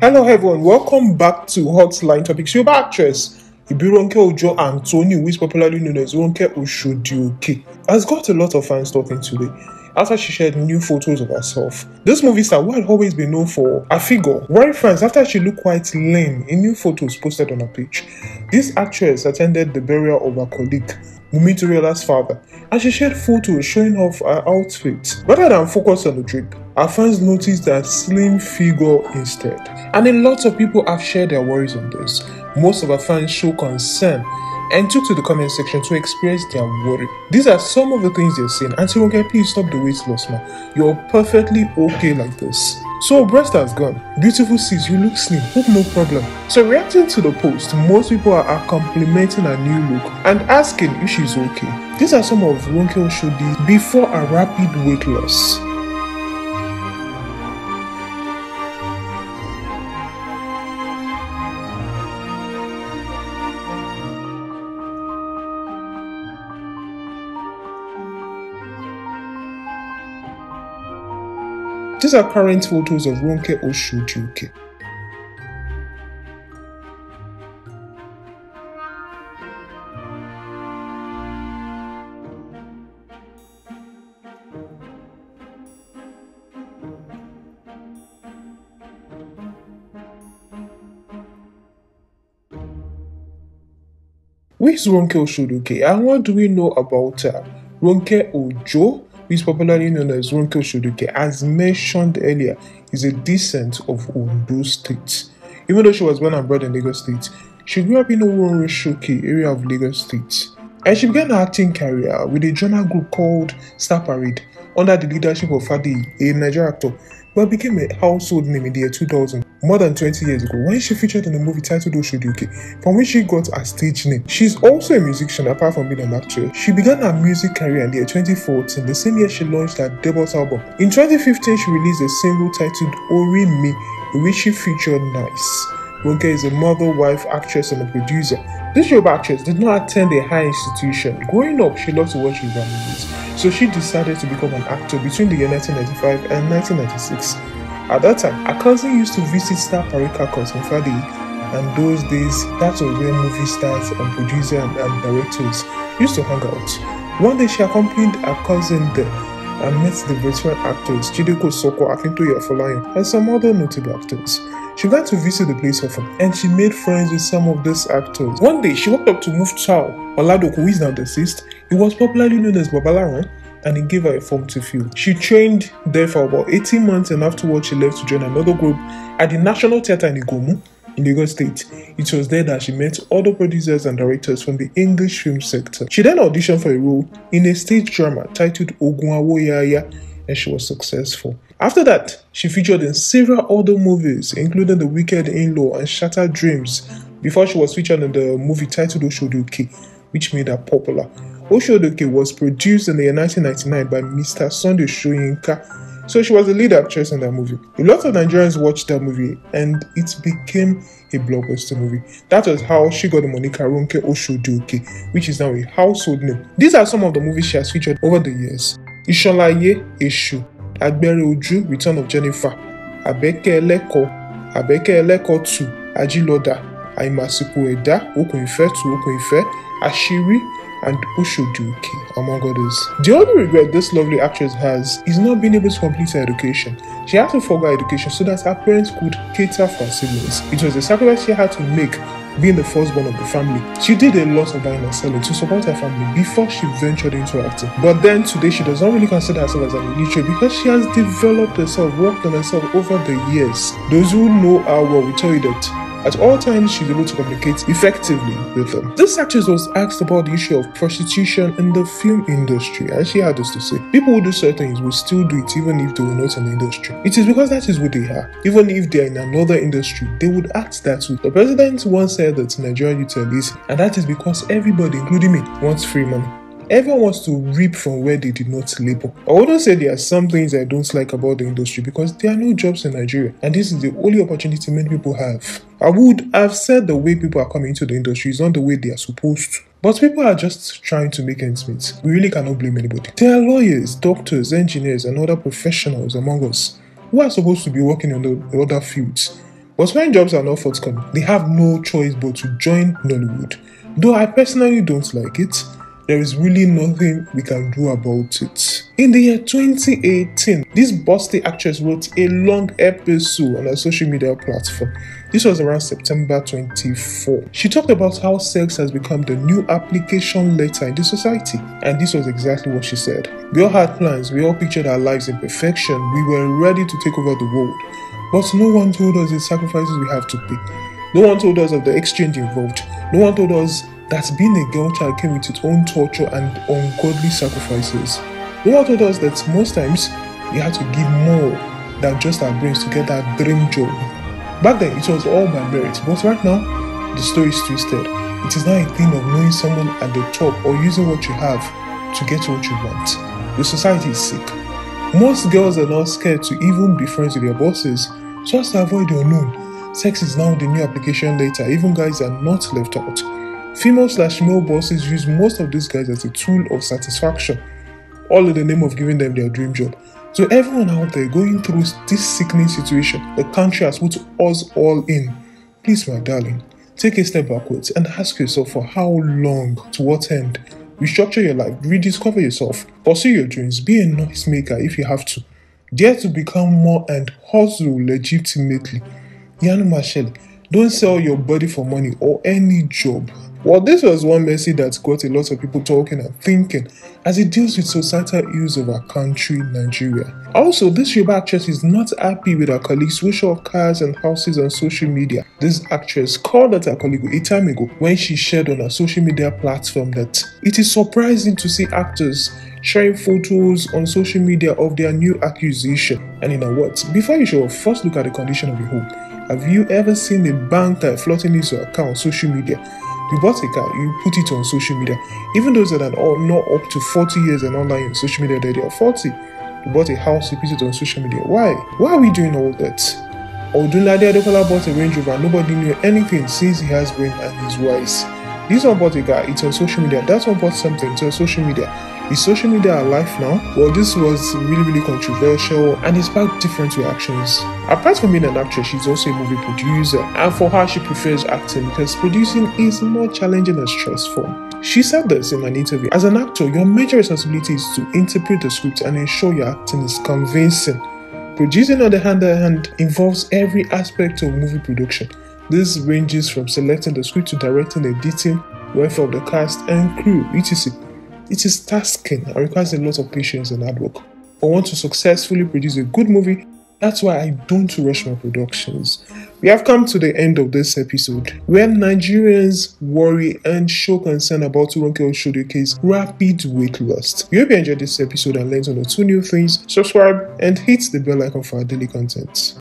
Hello everyone, welcome back to Hotline Topics. Your actress Ibironke Ojo Tony, who is popularly known as Ronke Oshodi has got a lot of fans talking today after she shared new photos of herself. This movie star, who had always been known for her figure, worried fans after she looked quite lean in new photos posted on her page. This actress attended the burial of her colleague Mumitoriola's father, and she shared photos showing off her outfit. Rather than focus on the drip, her fans noticed that slim figure instead. And a lot of people have shared their worries on this. Most of her fans show concern and took to the comment section to express their worry. These are some of the things they're saying. Auntie please stop the weight loss, man. You're perfectly okay like this. So breast has gone. Beautiful sis, you look slim. Hope no problem. So reacting to the post, most people are, complimenting her new look and asking if she's okay. These are some of Ronke Oshodi's before a rapid weight loss. These are current photos of Ronke Oshutuke. Who is Ronke Oshoduke and what do we know about her? Uh, Ronke Ojo who is popularly known as Ronke Shuduke, as mentioned earlier, is a descent of Ondo State. Even though she was born and bred in Lagos State, she grew up in Oworoshoki area of Lagos State. And she began her acting career with a drama group called Star Parade under the leadership of Fadi, a Nigerian actor, but became a household name in the year 2000 more than 20 years ago when she featured in the movie titled Oshoduke, from which she got her stage name. She's also a musician apart from being an actress. She began her music career in the year 2014, the same year she launched her debut album. In 2015, she released a single titled Ori Me, in which she featured Nice. Wonka is a mother, wife, actress, and a producer. This young actress did not attend a high institution. Growing up, she loved to watch Yoruba movies, so she decided to become an actor between the year 1995 and 1996. At that time, a cousin used to visit Star Parika on Friday, and those days, that was where movie stars and producers and, and directors used to hang out. One day, she accompanied her cousin there and met the veteran actors Chideko Soko Akintoye Folayan, and some other notable actors. She got to visit the place often and she made friends with some of these actors. One day, she walked up to a Oladoku, who is now deceased. He was popularly known as Babalaran and it gave her a form to fill. She trained there for about 18 months and afterwards she left to join another group at the National Theatre in Igomu in Lagos State. It was there that she met other producers and directors from the English film sector. She then auditioned for a role in a stage drama titled Ogunwawoyaya and she was successful. After that, she featured in several other movies, including The Wicked In-Law and Shattered Dreams, before she was featured in the movie titled Oshoduki, which made her popular. Oshodoke was produced in the year 1999 by Mr. Sunday Shoyinka, so she was the lead actress in that movie. A lot of Nigerians watched that movie and it became a blockbuster movie. That was how she got the moniker Ronke Oshodoke, which is now a household name. These are some of the movies she has featured over the years. Ye Eshu, Agbere Oju, Return of Jennifer, Abeke Eleko, Abeke Eleko 2, Ajiloda, Àìmàsìkò Ẹ̀dá, Okùn Ìfẹ́ tu Okùn Ashiri and Ushu among others. The only regret this lovely actress has is not being able to complete her education. She had to forego education so that her parents could cater for her siblings. It was a sacrifice she had to make being the firstborn of the family. She did a lot of buying and selling to support her family before she ventured into acting. But then today she does not really consider herself as an illiterate because she has developed herself, worked on herself over the years. Those who know her well will tell you that at all times, she's able to communicate effectively with them. This actress was asked about the issue of prostitution in the film industry, and she had this to say People who do certain things will still do it even if they were not in the industry. It is because that is what they are. Even if they are in another industry, they would act that way. The president once said that Nigeria is lazy, and that is because everybody, including me, wants free money. Everyone wants to reap from where they did not labor. I wouldn't say there are some things I don't like about the industry because there are no jobs in Nigeria, and this is the only opportunity many people have. I would have said the way people are coming into the industry is not the way they are supposed to. But people are just trying to make ends meet. We really cannot blame anybody. There are lawyers, doctors, engineers, and other professionals among us who are supposed to be working in the other fields. But when jobs are not forthcoming, they have no choice but to join Nollywood. Though I personally don't like it, there is really nothing we can do about it. In the year 2018, this busty actress wrote a long episode on her social media platform. This was around September 24. She talked about how sex has become the new application letter in the society, and this was exactly what she said. We all had plans, we all pictured our lives in perfection, we were ready to take over the world, but no one told us the sacrifices we have to pay. No one told us of the exchange involved. No one told us that being a girl child came with its own torture and ungodly sacrifices. Lola told us that most times we had to give more than just our brains to get that dream job. Back then, it was all by merit, but right now, the story is twisted. It is now a thing of knowing someone at the top or using what you have to get what you want. The society is sick. Most girls are now scared to even be friends with their bosses just to avoid the unknown. Sex is now the new application later, even guys are not left out. Female slash male bosses use most of these guys as a tool of satisfaction, all in the name of giving them their dream job. So everyone out there going through this sickening situation, the country has put us all in. Please, my darling, take a step backwards and ask yourself for how long, to what end. Restructure your life, rediscover yourself, pursue your dreams, be a noisemaker if you have to. Dare to become more and hustle legitimately. Yanu Machel, don't sell your body for money or any job. Well, this was one message that got a lot of people talking and thinking as it deals with societal ills of our country, Nigeria. Also, this Yoruba actress is not happy with her colleagues who show cars and houses on social media. This actress called out her colleague Itamigo when she shared on her social media platform that it is surprising to see actors sharing photos on social media of their new accusation. And in a words, before you show first look at the condition of your home. Have you ever seen a banker flaunting his account on social media? You bought a car, you put it on social media. Even those that are not up to 40 years and online on social media, they are 40. You bought a house, you put it on social media. Why? Why are we doing all that? Odunlade Adekola bought a Range Rover, nobody knew anything since he has brain and his wise. This one bought a car, it's on social media. That one bought something, it's on social media. Is social media alive now? Well, this was really, really controversial and inspired different reactions. Apart from being an actress, she's also a movie producer, and for her, she prefers acting because producing is more challenging and stressful. She said this in an interview As an actor, your major responsibility is to interpret the script and ensure your acting is convincing. Producing, on the other hand, involves every aspect of movie production. This ranges from selecting the script to directing, editing, welfare of the cast and crew, etc. It is tasking and requires a lot of patience and hard work. I want to successfully produce a good movie. That's why I don't rush my productions. We have come to the end of this episode, where Nigerians worry and show concern about Ronke Showcase rapid weight loss. We hope you enjoyed this episode and learned on the two new things. Subscribe and hit the bell icon for our daily content.